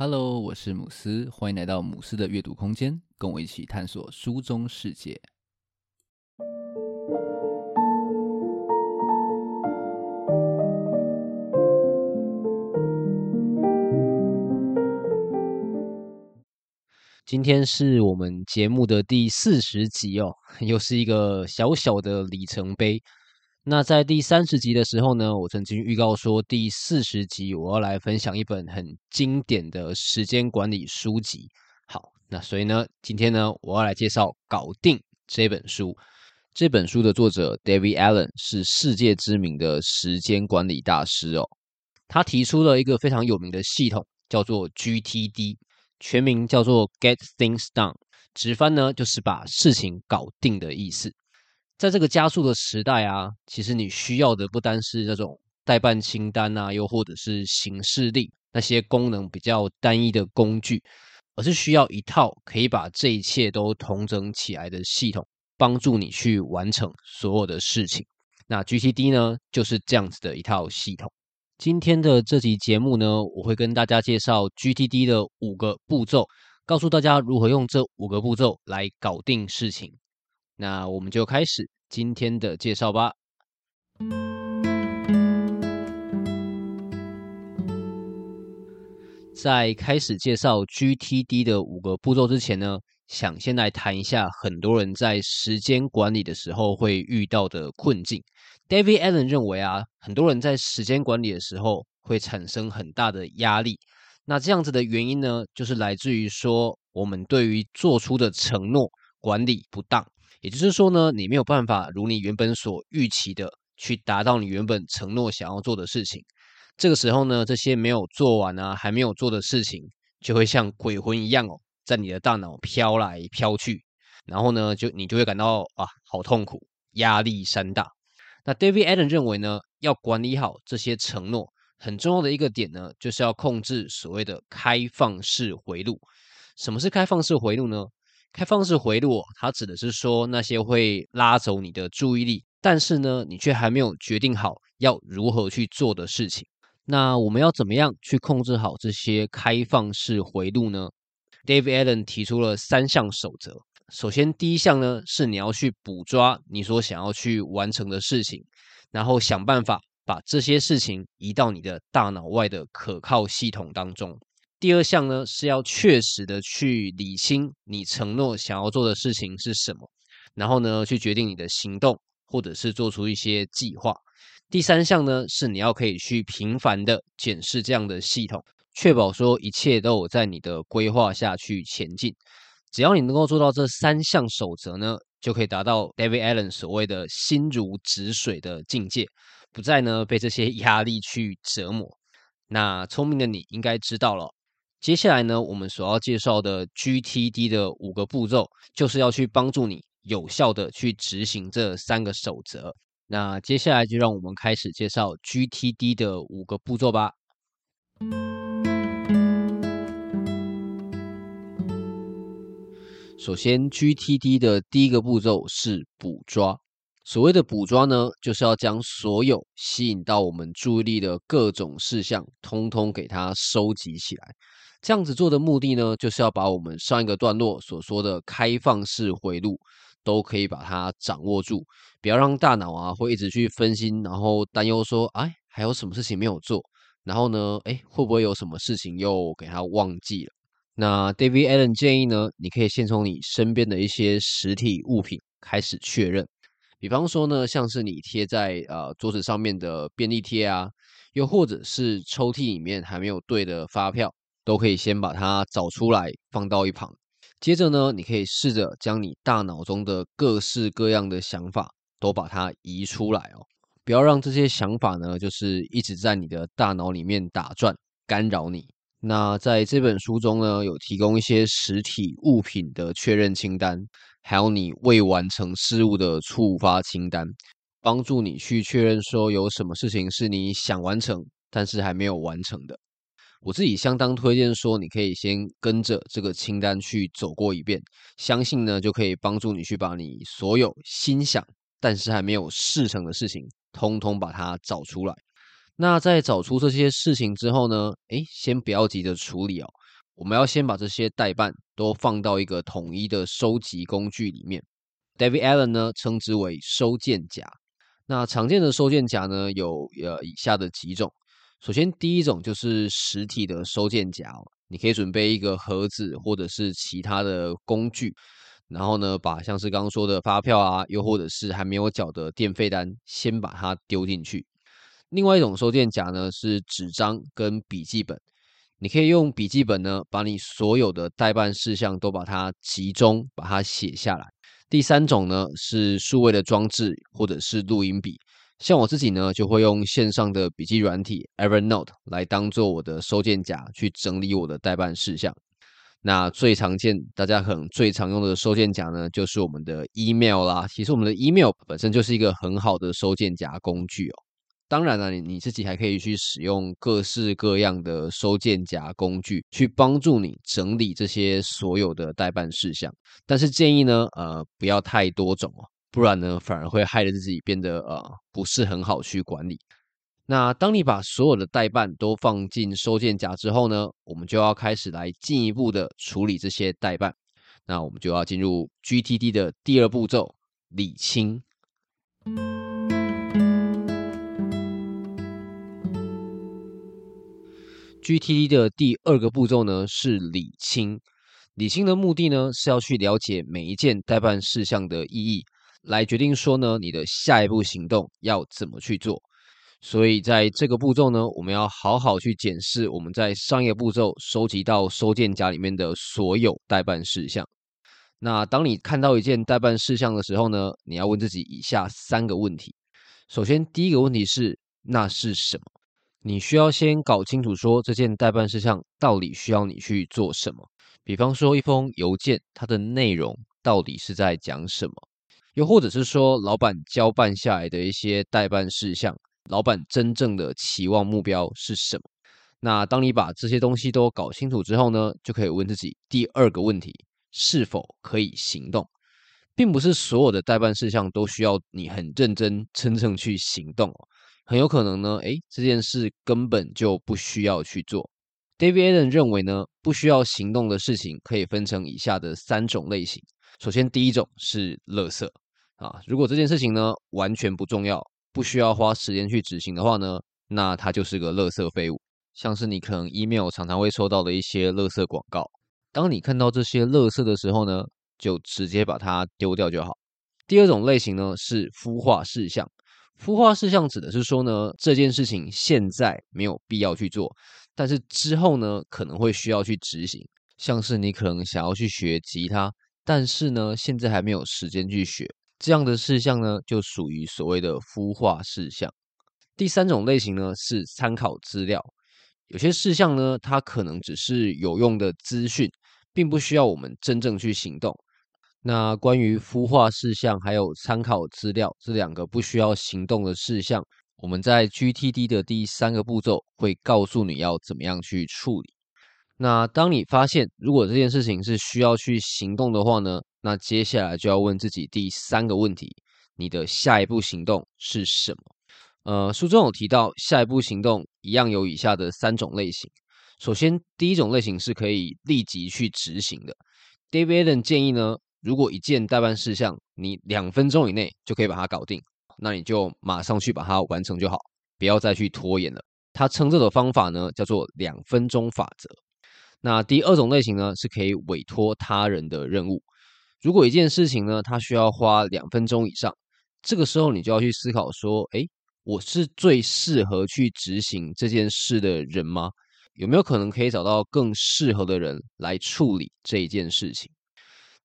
Hello，我是姆斯，歡迎來到姆斯的閱讀空間，跟我一起探索書中世界。今天是我們節目的第四十集哦，又是一個小小的里程碑。那在第三十集的時候呢，我曾經預告說第四十集我要來分享一本很經典的時間管理書籍。好，那所以呢，今天呢，我要來介紹《搞定》這本書。這本書的作者 David Allen 是世界知名的時間管理大師哦。他提出了一個非常有名的系統，叫做 GTD，全名叫做 Get Things Done，直翻呢，就是把事情搞定的意思。在這個加速的時代啊，其實你需要的不單是這種代辦清單啊，又或者是行事曆，那些功能比較單一的工具，而是需要一套可以把這一切都統整起來的系統，幫助你去完成所有的事情。那 GTD 呢，就是這樣子的一套系統。今天的這集節目呢，我會跟大家介紹 GTD 的五個步驟，告訴大家如何用這五個步驟來搞定事情。那我們就開始今天的介紹吧。在開始介紹 GTD 的五個步驟之前呢，想先來談一下很多人在時間管理的時候會遇到的困境。David Allen 認為啊，很多人在時間管理的時候會產生很大的壓力。那這樣子的原因呢，就是來自於說，我們對於做出的承諾管理不當。也就是說呢，你沒有辦法如你原本所預期的去達到你原本承諾想要做的事情。這個時候呢，這些沒有做完啊，還沒有做的事情，就會像鬼魂一樣哦，在你的大腦飄來飄去。然後呢，就你就會感到啊，好痛苦，壓力山大。那 David Allen 認為呢，要管理好這些承諾，很重要的一個點呢，就是要控制所謂的開放式回路。什麼是開放式回路呢？開放式迴路，它指的是說那些會拉走你的注意力，但是呢，你卻還沒有決定好要如何去做的事情。那我們要怎麼樣去控制好這些開放式迴路呢？David Allen 提出了三項守則。首先，第一項呢是你要去捕捉你所想要去完成的事情，然後想辦法把這些事情移到你的大腦外的可靠系統當中。第二項呢，是要確實的去理清你承諾想要做的事情是什麼，然後呢，去決定你的行動，或者是做出一些計劃。第三項呢，是你要可以去頻繁的檢視這樣的系統，確保說一切都有在你的規劃下去前進。只要你能夠做到這三項守則呢，就可以達到 David Allen 所謂的心如止水的境界，不再呢被這些壓力去折磨。那聰明的你應該知道了。接下來呢，我們所要介紹的 GTD 的五個步驟，就是要去幫助你有效的去執行這三個守則。那接下來就讓我們開始介紹 GTD 的五個步驟吧。首先，GTD 的第一個步驟是捕捉。所謂的捕捉呢，就是要將所有吸引到我們注意力的各種事項，通通給它收集起來。這樣子做的目的呢，就是要把我們上一個段落所說的開放式回路，都可以把它掌握住，不要讓大腦啊會一直去分心，然後擔憂說，哎，還有什麼事情沒有做？然後呢，哎，會不會有什麼事情又給他忘記了？那 David Allen 建議呢，你可以先從你身邊的一些實體物品開始確認，比方說呢，像是你貼在呃桌子上面的便利貼啊，又或者是抽屜裡面還沒有對的發票。都可以先把它找出來放到一旁，接着呢，你可以試着將你大腦中的各式各樣的想法都把它移出來哦，不要讓這些想法呢，就是一直在你的大腦裡面打轉，干擾你。那在這本書中呢，有提供一些實體物品的確認清單，還有你未完成事務的觸發清單，幫助你去確認說有什麼事情是你想完成但是還沒有完成的。我自己相當推薦說，你可以先跟着這個清單去走過一遍，相信呢就可以幫助你去把你所有心想但是還沒有事成的事情，通通把它找出來。那在找出這些事情之後呢，誒，先不要急着處理哦，我們要先把這些代辦都放到一個統一的收集工具裡面。David Allen 呢稱之為收件夾。那常見的收件夾呢有呃以下的幾種。首先，第一種就是實體的收件夾，你可以準備一個盒子或者是其他的工具，然後呢，把像是剛剛說的發票啊，又或者是還沒有繳的電費單，先把它丟進去。另外一種收件夾呢是紙張跟筆記本，你可以用筆記本呢把你所有的待辦事項都把它集中，把它寫下來。第三種呢是數位的裝置或者是錄音筆。像我自己呢，就會用線上的筆記軟體 Evernote 來當做我的收件夾，去整理我的待辦事項。那最常見大家可能最常用的收件夾呢，就是我們的 email 啦。其實我們的 email 本身就是一個很好的收件夾工具哦。當然了、啊，你你自己還可以去使用各式各樣的收件夾工具去幫助你整理這些所有的待辦事項。但是建議呢，呃，不要太多種哦。不然呢，反而會害得自己變得呃不是很好去管理。那當你把所有的代辦都放進收件夾之後呢，我們就要開始來進一步的處理這些代辦。那我們就要進入 GTD 的第二步驟，理清。GTD 的第二個步驟呢，是理清。理清的目的呢，是要去了解每一件代辦事項的意義。來決定說呢，你的下一步行動要怎麼去做。所以在這個步驟呢，我們要好好去檢視我們在上一個步驟收集到收件夾裡面的所有待辦事項。那當你看到一件待辦事項的時候呢，你要問自己以下三個問題：首先，第一個問題是那是什麼？你需要先搞清楚說這件待辦事項到底需要你去做什麼。比方說一封郵件，它的內容到底是在講什麼？又或者是說，老板交辦下來的一些待辦事項，老板真正的期望目標是什麼？那當你把這些東西都搞清楚之後呢，就可以問自己第二個問題：是否可以行動？並不是所有的待辦事項都需要你很認真、真正去行動，很有可能呢，哎，這件事根本就不需要去做。David Allen 認為呢，不需要行動的事情可以分成以下的三種類型：首先，第一種是垃圾。啊，如果這件事情呢，完全不重要，不需要花時間去執行的話呢，那它就是個垃圾廢物，像是你可能 email 常常會收到的一些垃圾廣告。當你看到這些垃圾的時候呢，就直接把它丟掉就好。第二種類型呢是孵化事項，孵化事項指的是說呢，這件事情現在沒有必要去做，但是之後呢可能會需要去執行，像是你可能想要去學吉他，但是呢現在還沒有時間去學。這樣的事項呢，就屬於所謂的孵化事項。第三種類型呢，是參考資料。有些事項呢，它可能只是有用的資訊，並不需要我們真正去行動。那關於孵化事項還有參考資料，這兩個不需要行動的事項，我們在 GTD 的第三個步驟會告訴你要怎麼樣去處理。那當你發現，如果這件事情是需要去行動的話呢，那接下來就要問自己第三個問題：你的下一步行動是什麼？呃，書中有提到，下一步行動一樣有以下的三種類型。首先，第一種類型是可以立即去執行的。David Allen 建議呢，如果一件待辦事項，你兩分鐘以內就可以把它搞定，那你就馬上去把它完成就好，不要再去拖延了。他稱這種方法呢，叫做兩分鐘法則。那第二種類型呢，是可以委托他人的任務。如果一件事情呢，它需要花兩分鐘以上，這個時候你就要去思考說，誒，我是最適合去執行這件事的人嗎？有沒有可能可以找到更適合的人來處理這一件事情？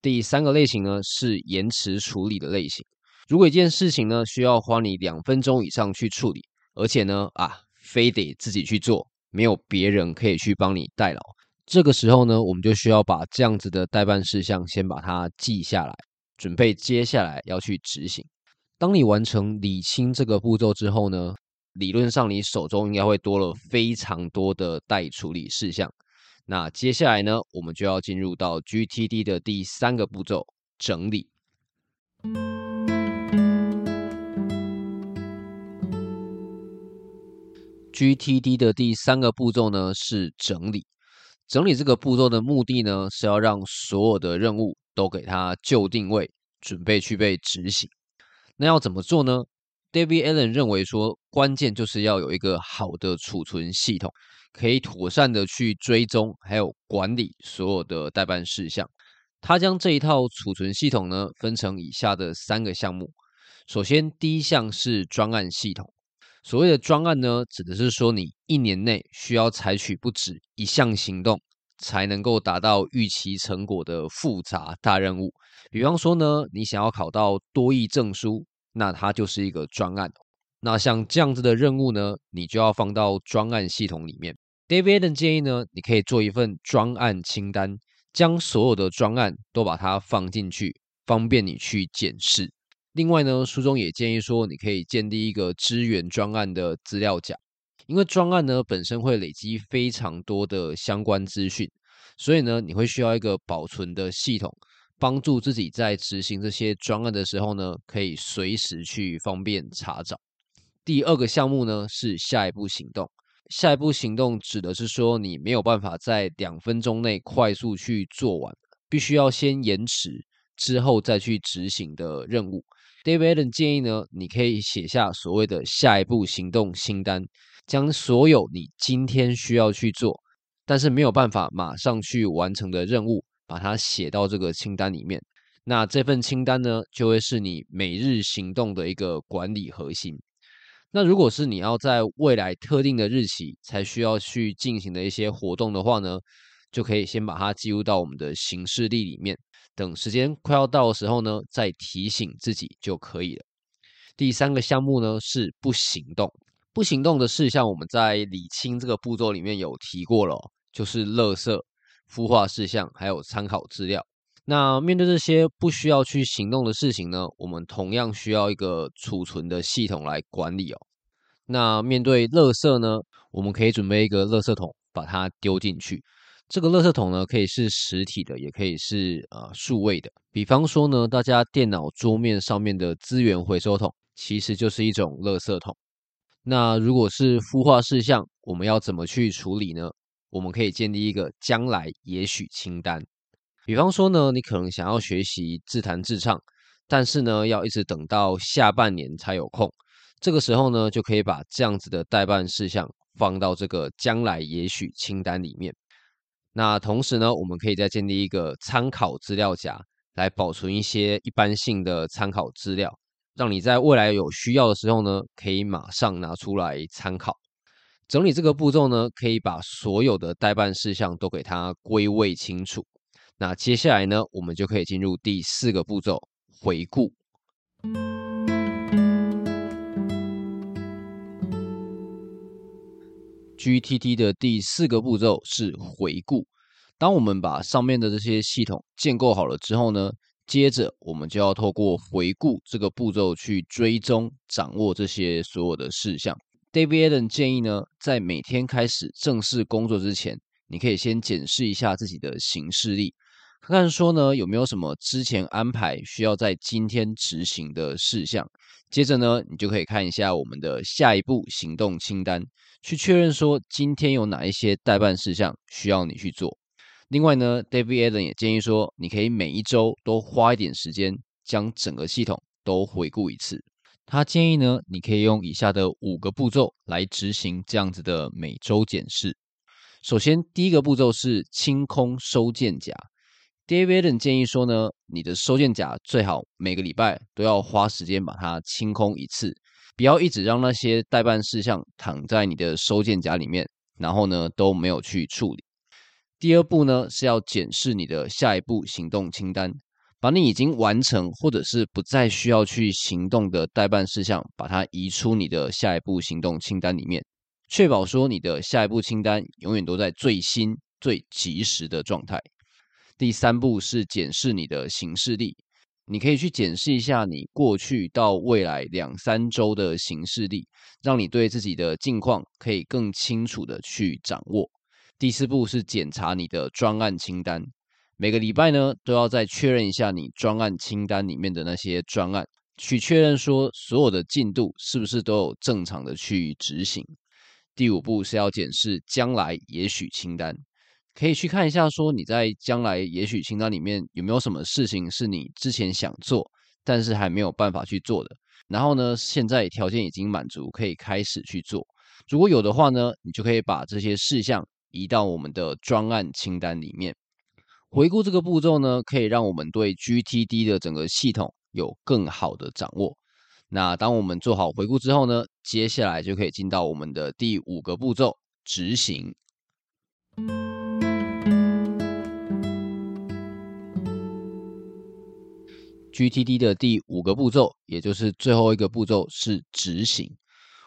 第三個類型呢，是延遲處理的類型。如果一件事情呢，需要花你兩分鐘以上去處理，而且呢，啊，非得自己去做，沒有別人可以去幫你代勞。這個時候呢，我們就需要把這樣子的待辦事項先把它記下來，準備接下來要去執行。當你完成理清這個步驟之後呢，理論上你手中應該會多了非常多的待處理事項。那接下來呢，我們就要進入到 GTD 的第三個步驟——整理。GTD 的第三個步驟呢，是整理。整理這個步驟的目的呢，是要讓所有的任務都給它就定位，準備去被執行。那要怎麼做呢？David Allen 認為說，關鍵就是要有一個好的儲存系統，可以妥善的去追蹤還有管理所有的待辦事項。他將這一套儲存系統呢，分成以下的三個項目。首先，第一項是專案系統。所謂的專案呢，指的是說你一年內需要採取不止一項行動，才能夠達到預期成果的複雜大任務。比方說呢，你想要考到多益證書，那它就是一個專案。那像這樣子的任務呢，你就要放到專案系統裡面。David Allen 建議呢，你可以做一份專案清單，將所有的專案都把它放進去，方便你去檢視。另外呢，書中也建議說，你可以建立一個支援專案的資料夾，因為專案呢本身會累積非常多的相關資訊，所以呢，你會需要一個保存的系統，幫助自己在執行這些專案的時候呢，可以隨時去方便查找。第二個項目呢，是下一步行動，下一步行動指的是說，你沒有辦法在兩分鐘內快速去做完，必須要先延遲。之後再去執行的任務。David Allen 建議呢，你可以寫下所謂的下一步行動清單，將所有你今天需要去做，但是沒有辦法馬上去完成的任務，把它寫到這個清單裡面。那這份清單呢，就會是你每日行動的一個管理核心。那如果是你要在未來特定的日期才需要去進行的一些活動的話呢，就可以先把它記錄到我們的行事曆裡面。等時間快要到的時候呢，再提醒自己就可以了。第三個項目呢是不行動，不行動的事項，我們在理清這個步驟裡面有提過了哦，就是垃圾孵化事項還有參考資料。那面對這些不需要去行動的事情呢，我們同樣需要一個儲存的系統來管理哦。那面對垃圾呢，我們可以準備一個垃圾桶，把它丟進去。這個垃圾桶呢，可以是實體的，也可以是呃數位的。比方說呢，大家電腦桌面上面的資源回收桶，其實就是一種垃圾桶。那如果是孵化事項，我們要怎麼去處理呢？我們可以建立一個將來也許清單。比方說呢，你可能想要學習自彈自唱，但是呢，要一直等到下半年才有空。這個時候呢，就可以把這樣子的待辦事項放到這個將來也許清單裡面。那同時呢，我們可以再建立一個參考資料夾，來保存一些一般性的參考資料，讓你在未來有需要的時候呢，可以馬上拿出來參考。整理這個步驟呢，可以把所有的待辦事項都給它歸位清楚。那接下來呢，我們就可以進入第四個步驟，回顧。GTD 的第四個步驟是回顧。當我們把上面的這些系統建構好了之後呢，接着我們就要透過回顧這個步驟去追蹤、掌握這些所有的事項。David Allen 建議呢，在每天開始正式工作之前，你可以先檢視一下自己的行事曆。看看說呢，有沒有什麼之前安排需要在今天執行的事項。接着呢，你就可以看一下我們的下一步行動清單，去確認說今天有哪一些代辦事項需要你去做。另外呢，David a d e n 也建議說，你可以每一周都花一點時間將整個系統都回顧一次。他建議呢，你可以用以下的五個步驟來執行這樣子的每周檢視。首先，第一個步驟是清空收件夾。David 建議說呢，你的收件夾最好每個禮拜都要花時間把它清空一次，不要一直讓那些待辦事項躺在你的收件夾裡面，然後呢都沒有去處理。第二步呢是要檢視你的下一步行動清單，把你已經完成或者是不再需要去行動的待辦事項，把它移出你的下一步行動清單裡面，確保說你的下一步清單永遠都在最新最及時的狀態。第三步是檢視你的行事曆，你可以去檢視一下你過去到未來兩三周的行事曆，讓你對自己的近況可以更清楚的去掌握。第四步是檢查你的專案清單，每個禮拜呢都要再確認一下你專案清單裡面的那些專案，去確認說所有的進度是不是都有正常的去執行。第五步是要檢視將來也許清單。可以去看一下，說你在將來也許清單裡面有沒有什麼事情是你之前想做，但是還沒有辦法去做的。然後呢，現在條件已經滿足，可以開始去做。如果有的話呢，你就可以把這些事項移到我們的專案清單裡面。回顧這個步驟呢，可以讓我們對 GTD 的整個系統有更好的掌握。那當我們做好回顧之後呢，接下來就可以進到我們的第五個步驟——執行。GTD 的第五個步驟，也就是最後一個步驟是執行。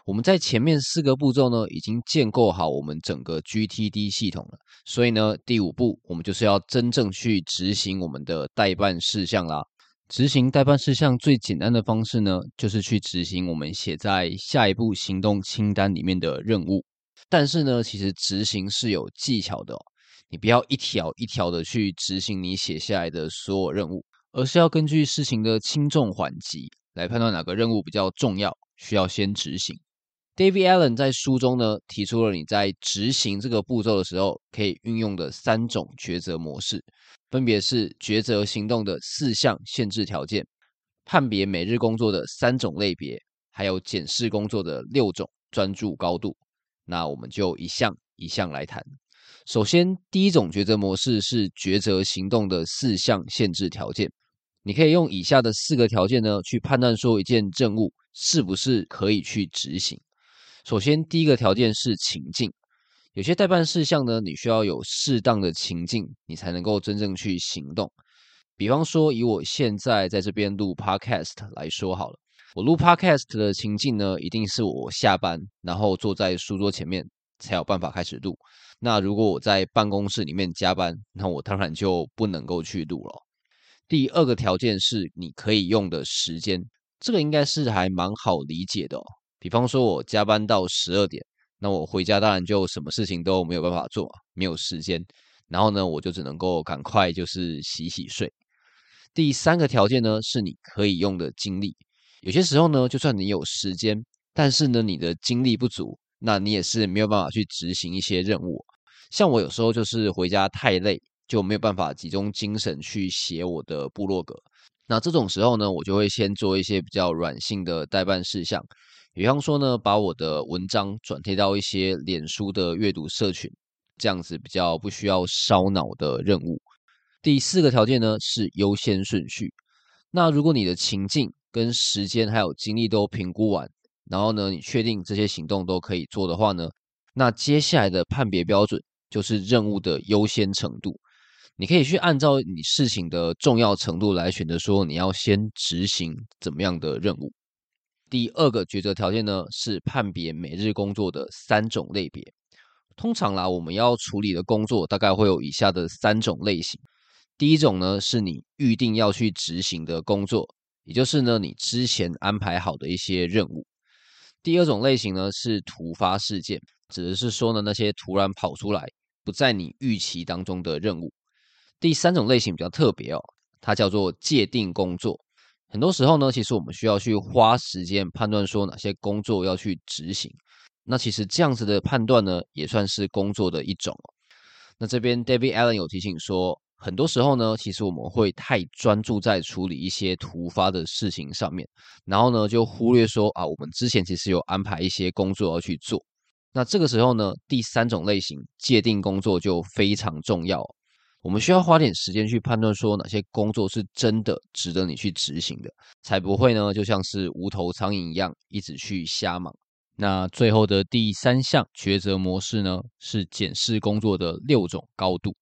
我們在前面四個步驟呢，已經建構好我們整個 GTD 系統了，所以呢，第五步我們就是要真正去執行我們的待辦事項啦。執行待辦事項最簡單的方式呢，就是去執行我們寫在下一步行動清單裡面的任務。但是呢，其實執行是有技巧的哦，你不要一條一條的去執行你寫下來的所有任務。而是要根據事情的輕重緩急來判斷哪個任務比較重要，需要先執行。David Allen 在書中呢，提出了你在執行這個步驟的時候可以運用的三種抉擇模式，分別是抉擇行動的四項限制條件、判別每日工作的三種類別，還有檢視工作的六種專注高度。那我們就一項一項來談。首先，第一種抉擇模式是抉擇行動的四項限制條件。你可以用以下的四個條件呢，去判斷說一件任務，是不是可以去執行。首先，第一個條件是情境。有些待辦事項呢，你需要有適當的情境，你才能夠真正去行動。比方說，以我現在在這邊錄 podcast 來說好了，我錄 podcast 的情境呢，一定是我下班然後坐在書桌前面才有辦法開始錄。那如果我在辦公室裡面加班，那我當然就不能夠去錄了。第二個條件是你可以用的時間，這個應該是還蠻好理解的哦。比方說，我加班到十二點，那我回家當然就什麼事情都沒有辦法做，沒有時間。然後呢，我就只能夠趕快就是洗洗睡。第三個條件呢是你可以用的精力。有些時候呢，就算你有時間，但是呢你的精力不足，那你也是沒有辦法去執行一些任務。像我有時候就是回家太累，就沒有辦法集中精神去寫我的部落格。那這種時候呢，我就會先做一些比較軟性的待辦事項，比方說呢，把我的文章轉貼到一些臉書的閱讀社群，這樣子比較不需要燒腦的任務。第四個條件呢，是優先順序。那如果你的情境跟時間還有精力都評估完，然後呢，你確定這些行動都可以做的話呢，那接下來的判別標準就是任務的優先程度。你可以去按照你事情的重要程度來選擇說你要先執行怎麼樣的任務。第二個抉擇條件呢，是判別每日工作的三種類別。通常啦，我們要處理的工作大概會有以下的三種類型。第一種呢，是你預定要去執行的工作，也就是呢你之前安排好的一些任務。第二種類型呢，是突發事件，指的是說呢那些突然跑出來，不在你預期當中的任務。第三種類型比較特別哦，它叫做界定工作。很多時候呢，其實我們需要去花時間判斷說哪些工作要去執行。那其實這樣子的判斷呢，也算是工作的一種哦。那這邊 David Allen 有提醒說，很多時候呢，其實我們會太專注在處理一些突發的事情上面，然後呢就忽略說啊，我們之前其實有安排一些工作要去做。那這個時候呢，第三種類型界定工作就非常重要。我們需要花點時間去判斷，說哪些工作是真的值得你去執行的，才不會呢，就像是無頭蒼蠅一樣，一直去瞎忙。那最後的第三項抉擇模式呢，是檢視工作的六種高度。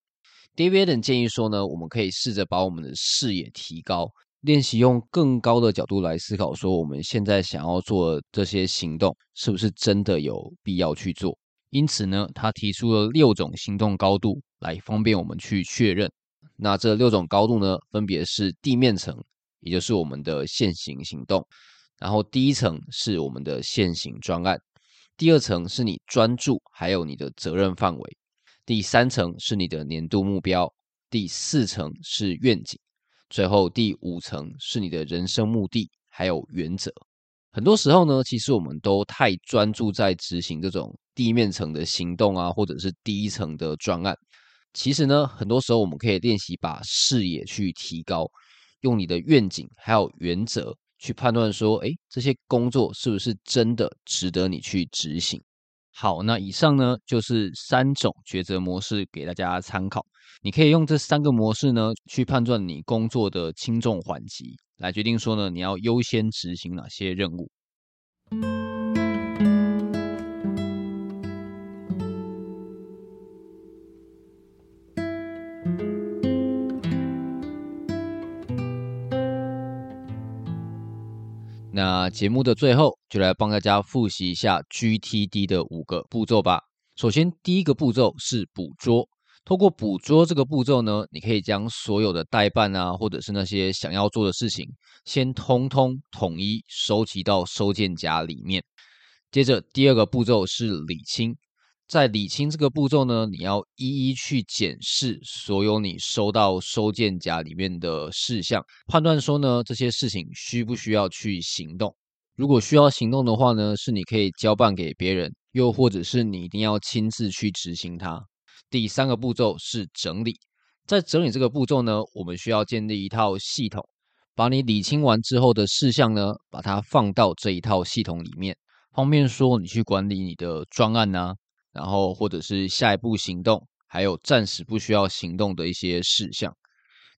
David Allen 建議說呢，我們可以試着把我們的視野提高，練習用更高的角度來思考，說我們現在想要做的這些行動，是不是真的有必要去做。因此呢，他提出了六種行動高度。來方便我們去確認。那這六種高度呢，分別是地面層，也就是我們的現行行動；然後第一層是我們的現行專案，第二層是你專注還有你的責任範圍，第三層是你的年度目標，第四層是願景，最後第五層是你的人生目的還有原則。很多時候呢，其實我們都太專注在執行這種地面層的行動啊，或者是第一層的專案。其實呢，很多時候我們可以練習把視野去提高，用你的願景還有原則去判斷說，哎，這些工作是不是真的值得你去執行？好，那以上呢就是三種抉擇模式給大家參考，你可以用這三個模式呢去判斷你工作的輕重緩急，來決定說呢你要優先執行哪些任務。那節目的最後，就來幫大家複習一下 GTD 的五個步驟吧。首先，第一個步驟是捕捉，通過捕捉這個步驟呢，你可以將所有的待辦啊，或者是那些想要做的事情，先通通統一收集到收件夾裡面。接着，第二個步驟是理清。在理清這個步驟呢，你要一一去檢視所有你收到收件夾裡面的事項，判斷說呢這些事情需不需要去行動。如果需要行動的話呢，是你可以交辦給別人，又或者是你一定要親自去執行它。第三個步驟是整理，在整理這個步驟呢，我們需要建立一套系統，把你理清完之後的事項呢，把它放到這一套系統裡面，方便說你去管理你的專案啊。然後，或者是下一步行動，還有暫時不需要行動的一些事項。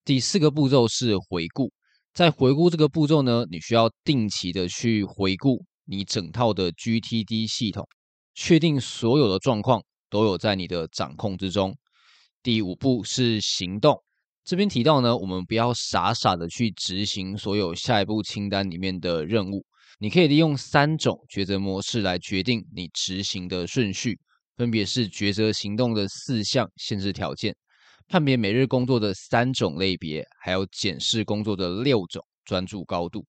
第四個步驟是回顧，在回顧這個步驟呢，你需要定期的去回顧你整套的 GTD 系統，確定所有的狀況都有在你的掌控之中。第五步是行動，這邊提到呢，我們不要傻傻的去執行所有下一步清單裡面的任務，你可以利用三種抉擇模式來決定你執行的順序。分別是抉擇行動的四項限制條件，判別每日工作的三種類別，還有檢視工作的六種專注高度。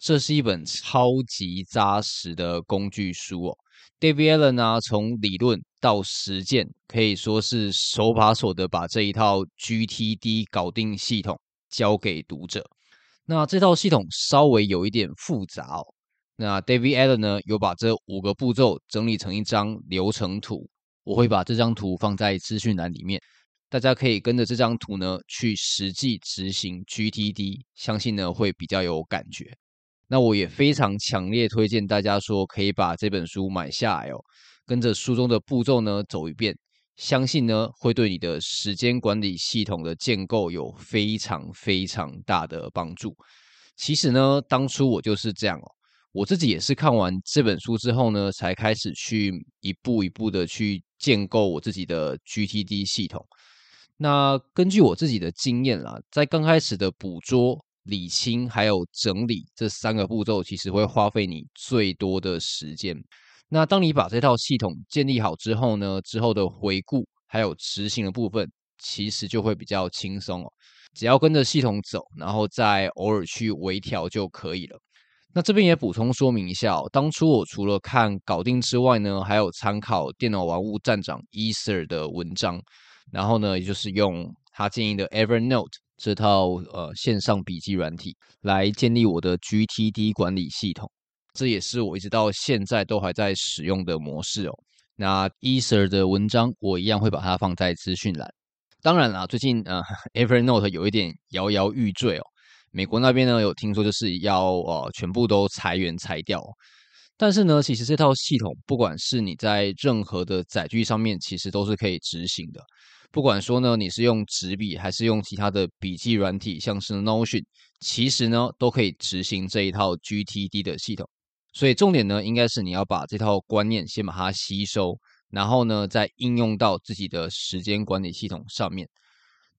這是一本超級紮實的工具書哦。David Allen 呢、啊，從理論到實踐，可以說是手把手的把這一套 GTD 搞定系統交給讀者。那這套系統稍微有一點複雜哦。那 David Allen 呢，有把這五個步驟整理成一張流程圖，我會把這張圖放在資訊欄裡面，大家可以跟着這張圖呢去實際執行 GTD，相信呢會比較有感覺。那我也非常強烈推薦大家說可以把這本書買下來哦，跟着書中的步驟呢走一遍，相信呢會對你的時間管理系統的建構有非常非常大的幫助。其實呢，當初我就是這樣哦。我自己也是看完這本書之後呢，才開始去一步一步的去建構我自己的 GTD 系統。那根據我自己的經驗啦，在剛開始的捕捉、理清還有整理這三個步驟，其實會花費你最多的時間。那當你把這套系統建立好之後呢，之後的回顧還有執行的部分，其實就會比較輕鬆哦。只要跟着系統走，然後再偶爾去微調就可以了。那這邊也補充說明一下哦，當初我除了看搞定之外呢，還有參考電腦玩物站長 Esor 的文章，然後呢，也就是用他建議的 Evernote 這套呃線上筆記軟體來建立我的 GTD 管理系統，這也是我一直到現在都還在使用的模式哦。那 Esor 的文章我一樣會把它放在資訊欄，當然啦，最近呃 Evernote 有一點搖搖欲墜哦。美國那邊呢，有聽說就是要呃全部都裁員裁掉哦，但是呢，其實這套系統不管是你在任何的載具上面，其實都是可以執行的。不管說呢，你是用紙筆還是用其他的筆記軟體，像是 Notion，其實呢都可以執行這一套 GTD 的系統。所以重點呢，應該是你要把這套觀念先把它吸收，然後呢再應用到自己的時間管理系統上面。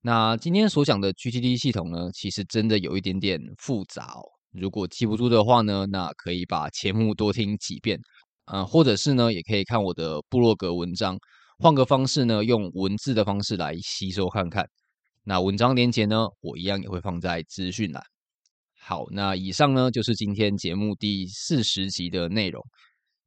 那今天所講的 GTD 系統呢，其實真的有一點點複雜哦。如果記不住的話呢，那可以把節目多聽幾遍，嗯、呃，或者是呢，也可以看我的部落格文章，換個方式呢，用文字的方式來吸收看看。那文章連結呢，我一樣也會放在資訊欄。好，那以上呢就是今天節目第四十集的內容。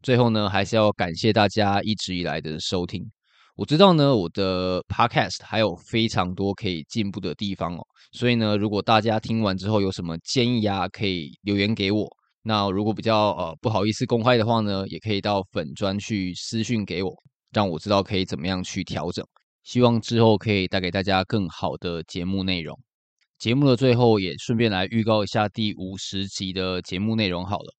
最後呢，還是要感謝大家一直以來的收聽。我知道呢，我的 podcast 還有非常多可以進步的地方哦，所以呢，如果大家聽完之後有什麼建議啊，可以留言給我。那如果比較呃不好意思公開的話呢，也可以到粉專去私訊給我，讓我知道可以怎麼樣去調整。希望之後可以帶給大家更好的節目內容。節目的最後也順便來預告一下第五十集的節目內容好了。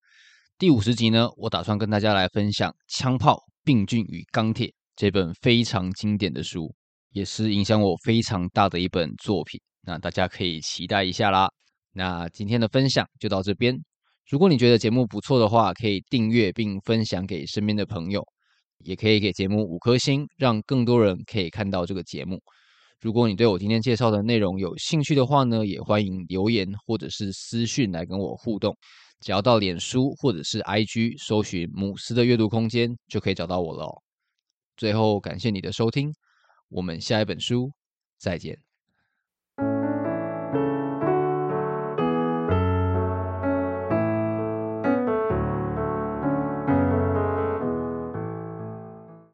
第五十集呢，我打算跟大家來分享槍炮、病菌與鋼鐵。這本非常經典的書，也是影響我非常大的一本作品。那大家可以期待一下啦。那今天的分享就到這邊。如果你覺得節目不錯的話，可以訂閱並分享給身邊的朋友，也可以給節目五顆星，讓更多人可以看到這個節目。如果你對我今天介紹的內容有興趣的話呢，也歡迎留言或者是私訊來跟我互動。只要到臉書或者是 IG 搜尋“姆斯的閱讀空間”，就可以找到我了哦。最後，感謝你的收聽，我們下一本書再見。